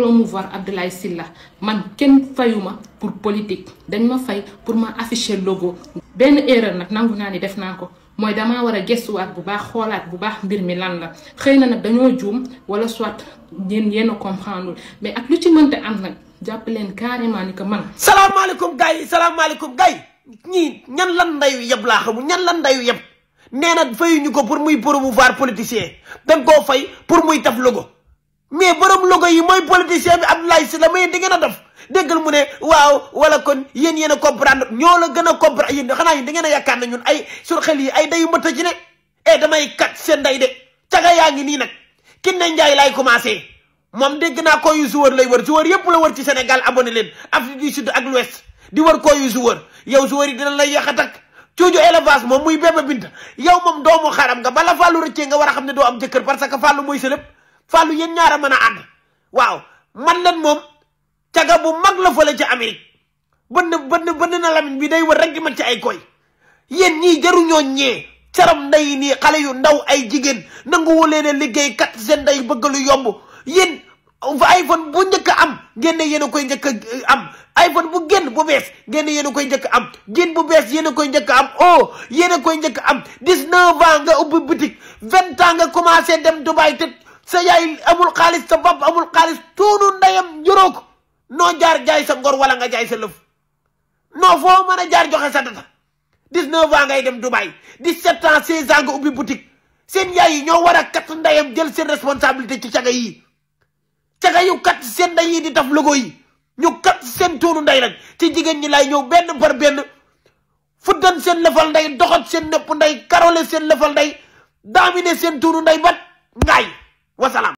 promouvoir Abdoulaye Sylla man kenn fayuma pour politique dañ ma fay pour ma afficher logo benn erreur nag nangu naa ni def naa ko mooy damaa war a gëstuwaat bu baax xoolaat bu baax mbir mi lan la xëy na nag dañoo juum wala soit yéen yéen a mais ak lu ci mënta am nag jàpp leen carrément ni ko man. salaamaaleykum gars yi salaamaaleykum gars yi ñii ñan lan ndayu yeb laa xamul ñan lan ndayu yeb nee na fayuñu ko pour muy promouvoir politicien dañ koo fay pour muy taf logo. mais borom logo yi mooy politicien bi Abdoulaye Sylla mais di ngeen a def déggal mu ne waaw wala kon yéen yéen a comprendre ñoo la gën a comprendre yéen xanaa yi da ngeen a yaakaar nañu ñun ay sur xel yi ay dayu mëtt ci ne eh seen day de caga yaa ngi nii nag kin ne Njaay laay commencé moom dégg naa koo yu lay wër su wër yëpp la wër ci Sénégal abonné leen Afrique du Sud ak l'Ouest di wër koo yu su wër yow su wër yi dina lay yaxatak cuuju élevage moom muy béba bint yow moom doomu xaram nga bala fàllu rëccee nga war a ne doo am jëkkër parce que mooy sa lépp fàllu yéen ñaar a mën a ànd waaw man leen moom caga bu mag la fële ca Amérique bënn bënn bënn na lamin bi day wër rek di man ci ay koy yéen ñii jaruñoo ñee caram nday nii xale yu ndaw ay jigéen nanguwu leen a liggéey kat seen nday bëgg lu yomb yéen iPhone bu njëkk am ngeen ne a koy njëkk eh, am iPhone bu génn bu bees ngeen yéen a koy njëkk am génn bu bees yéen a koy njëkk am oh yéen a koy njëkk am 19 ans nga ubbi boutique 20 ans nga commencé dem Dubaï te. sa yaay amul xaalis sa bopp amul xaalis tuunu ndeyam juróo noo jaar jaay sa ngor wala nga jaay sa lëf noo foo mën a jaar joxe sa data dix-neuf ngay dem Dubaay di sept ans seize ans nga ubbi boutique seen yaay yi ñoo war a kat ndeyam jël seen responsabilité ci caga yi caga yu kat seen ndey yi di taf logo yi ñu kat seen tuunu ndey nag ci jigéen ñi lay ñëw benn par benn fuddan seen lëfal ndey doxat seen nëpp ndey karole seen lëfal ndey daamine seen tuunu ndey bat ngaay wasalaam